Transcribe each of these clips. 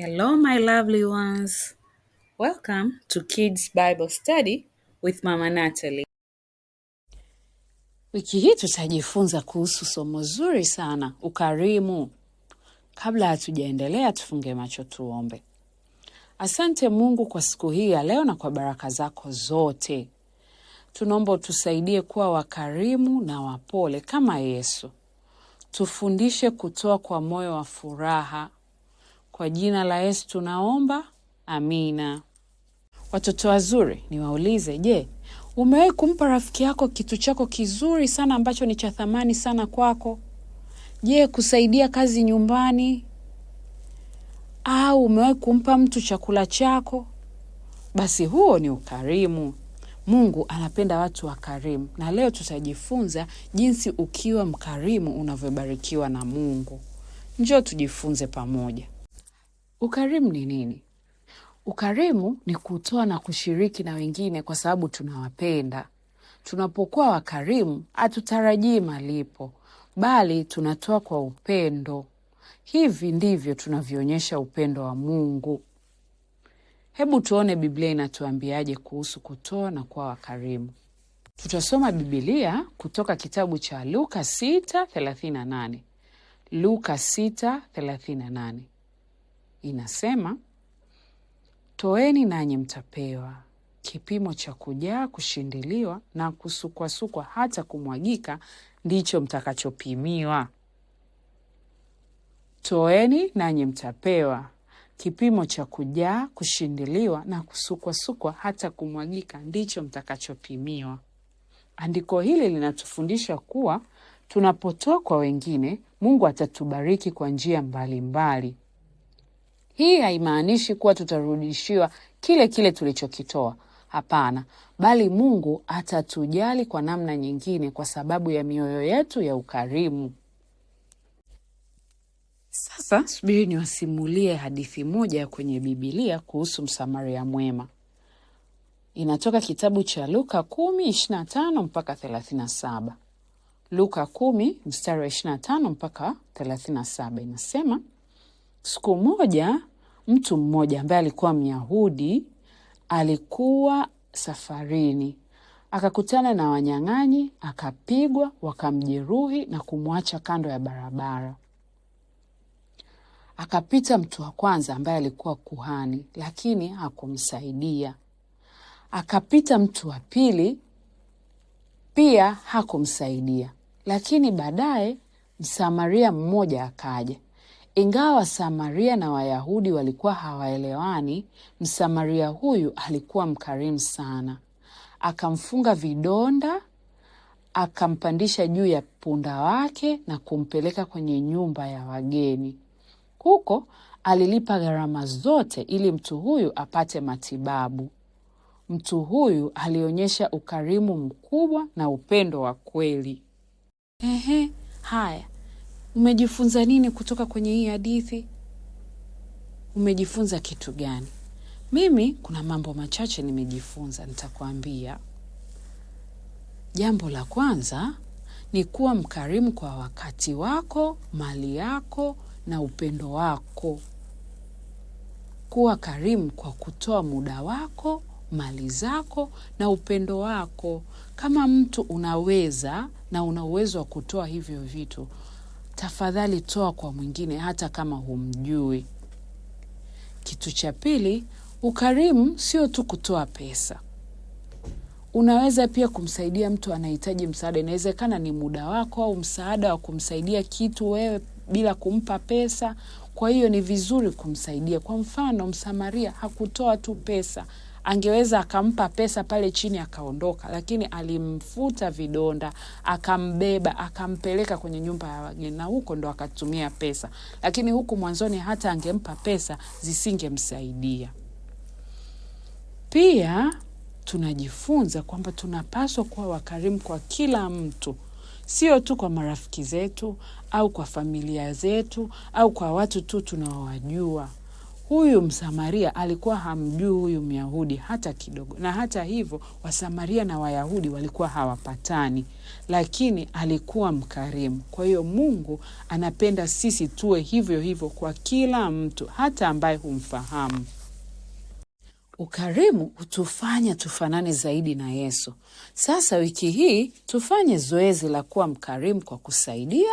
Hello, my lovely ones. Welcome to Kids Bible Study with Mama Natalie. Wiki hii tutajifunza kuhusu somo zuri sana, ukarimu. Kabla hatujaendelea, tufunge macho tuombe. Asante Mungu kwa siku hii ya leo na kwa baraka zako zote. Tunaomba utusaidie kuwa wakarimu na wapole kama Yesu. Tufundishe kutoa kwa moyo wa furaha kwa jina la Yesu tunaomba, amina. Watoto wazuri, niwaulize, je, umewahi kumpa rafiki yako kitu chako kizuri sana ambacho ni cha thamani sana kwako? Je, kusaidia kazi nyumbani au umewahi kumpa mtu chakula chako? Basi huo ni ukarimu. Mungu anapenda watu wakarimu, na leo tutajifunza jinsi ukiwa mkarimu unavyobarikiwa na Mungu. Njoo tujifunze pamoja. Ukarimu ni nini? Ukarimu ni kutoa na kushiriki na wengine kwa sababu tunawapenda. Tunapokuwa wakarimu, hatutarajii malipo, bali tunatoa kwa upendo. Hivi ndivyo tunavyoonyesha upendo wa Mungu. Hebu tuone Biblia inatuambiaje kuhusu kutoa na kuwa wakarimu. Tutasoma bibilia kutoka kitabu cha Luka 6:38. Luka 6:38 inasema, toeni nanyi mtapewa, kipimo cha kujaa, kushindiliwa na kusukwasukwa hata kumwagika, ndicho mtakachopimiwa. Toeni nanyi mtapewa, kipimo cha kujaa, kushindiliwa na kusukwasukwa hata kumwagika, ndicho mtakachopimiwa. Andiko hili linatufundisha kuwa tunapotoa kwa wengine, Mungu atatubariki kwa njia mbalimbali mbali. Hii haimaanishi kuwa tutarudishiwa kile kile tulichokitoa. Hapana, bali Mungu atatujali kwa namna nyingine kwa sababu ya mioyo yetu ya ukarimu. Sasa subiri niwasimulie hadithi moja kwenye Bibilia kuhusu Msamaria mwema. Inatoka kitabu cha Luka 10:25 mpaka 37. Luka 10 mstari wa 25 mpaka 37 inasema Siku moja mtu mmoja ambaye alikuwa Myahudi alikuwa safarini, akakutana na wanyang'anyi, akapigwa, wakamjeruhi na kumwacha kando ya barabara. Akapita mtu wa kwanza ambaye alikuwa kuhani, lakini hakumsaidia. Akapita mtu wa pili, pia hakumsaidia. Lakini baadaye Msamaria mmoja akaja ingawa Samaria na Wayahudi walikuwa hawaelewani, Msamaria huyu alikuwa mkarimu sana. Akamfunga vidonda, akampandisha juu ya punda wake na kumpeleka kwenye nyumba ya wageni. Huko alilipa gharama zote ili mtu huyu apate matibabu. Mtu huyu alionyesha ukarimu mkubwa na upendo wa kweli. Ehe, haya Umejifunza nini kutoka kwenye hii hadithi? Umejifunza kitu gani? Mimi kuna mambo machache nimejifunza, nitakwambia. Jambo la kwanza ni kuwa mkarimu kwa wakati wako, mali yako na upendo wako. Kuwa karimu kwa kutoa muda wako, mali zako na upendo wako. Kama mtu unaweza na una uwezo wa kutoa hivyo vitu, tafadhali toa kwa mwingine hata kama humjui. Kitu cha pili, ukarimu sio tu kutoa pesa. Unaweza pia kumsaidia mtu anahitaji msaada. Inawezekana ni muda wako au msaada wa kumsaidia kitu wewe bila kumpa pesa. Kwa hiyo ni vizuri kumsaidia. Kwa mfano, Msamaria hakutoa tu pesa, angeweza akampa pesa pale chini akaondoka, lakini alimfuta vidonda, akambeba, akampeleka kwenye nyumba ya wageni na huko ndo akatumia pesa. Lakini huku mwanzoni hata angempa pesa zisingemsaidia. Pia tunajifunza kwamba tunapaswa kuwa wakarimu kwa kila mtu, sio tu kwa marafiki zetu au kwa familia zetu au kwa watu tu tunaowajua. Huyu Msamaria alikuwa hamjui huyu Myahudi hata kidogo, na hata hivyo Wasamaria na Wayahudi walikuwa hawapatani, lakini alikuwa mkarimu. Kwa hiyo Mungu anapenda sisi tuwe hivyo hivyo kwa kila mtu, hata ambaye humfahamu. Ukarimu hutufanya tufanane zaidi na Yesu. Sasa wiki hii tufanye zoezi la kuwa mkarimu kwa kusaidia,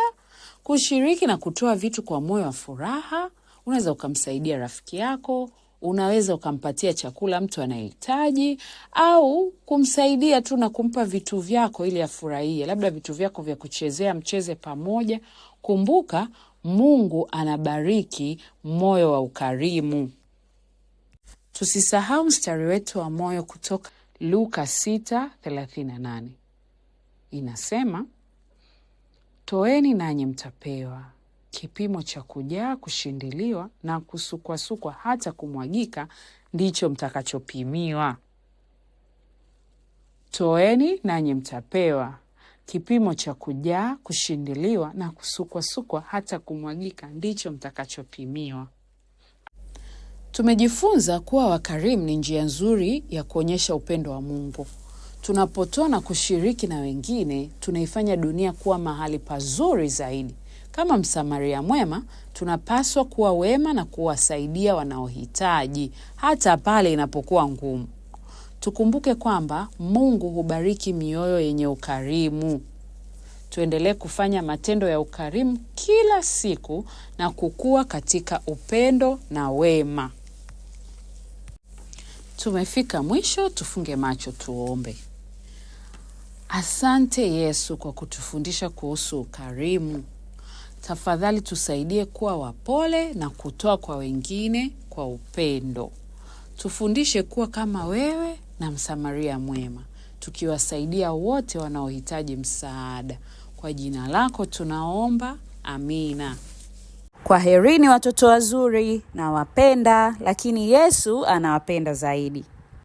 kushiriki na kutoa vitu kwa moyo wa furaha unaweza ukamsaidia rafiki yako, unaweza ukampatia chakula mtu anayehitaji, au kumsaidia tu na kumpa vitu vyako ili afurahie, labda vitu vyako vya kuchezea, mcheze pamoja. Kumbuka, Mungu anabariki moyo wa ukarimu. Tusisahau mstari wetu wa moyo kutoka Luka 6:38 inasema, toeni nanyi mtapewa Kipimo cha kujaa, kushindiliwa na kusukwasukwa hata kumwagika ndicho mtakachopimiwa. Toeni nanyi mtapewa. Kipimo cha kujaa, kushindiliwa na kusukwasukwa hata kumwagika ndicho mtakachopimiwa. Tumejifunza kuwa wakarimu ni njia nzuri ya kuonyesha upendo wa Mungu. Tunapotoa na kushiriki na wengine, tunaifanya dunia kuwa mahali pazuri zaidi. Kama Msamaria mwema, tunapaswa kuwa wema na kuwasaidia wanaohitaji hata pale inapokuwa ngumu. Tukumbuke kwamba Mungu hubariki mioyo yenye ukarimu. Tuendelee kufanya matendo ya ukarimu kila siku na kukua katika upendo na wema. Tumefika mwisho, tufunge macho tuombe. Asante Yesu kwa kutufundisha kuhusu ukarimu. Tafadhali tusaidie kuwa wapole na kutoa kwa wengine kwa upendo. Tufundishe kuwa kama wewe na Msamaria mwema, tukiwasaidia wote wanaohitaji msaada. Kwa jina lako tunaomba, amina. Kwaherini watoto wazuri, nawapenda, lakini Yesu anawapenda zaidi.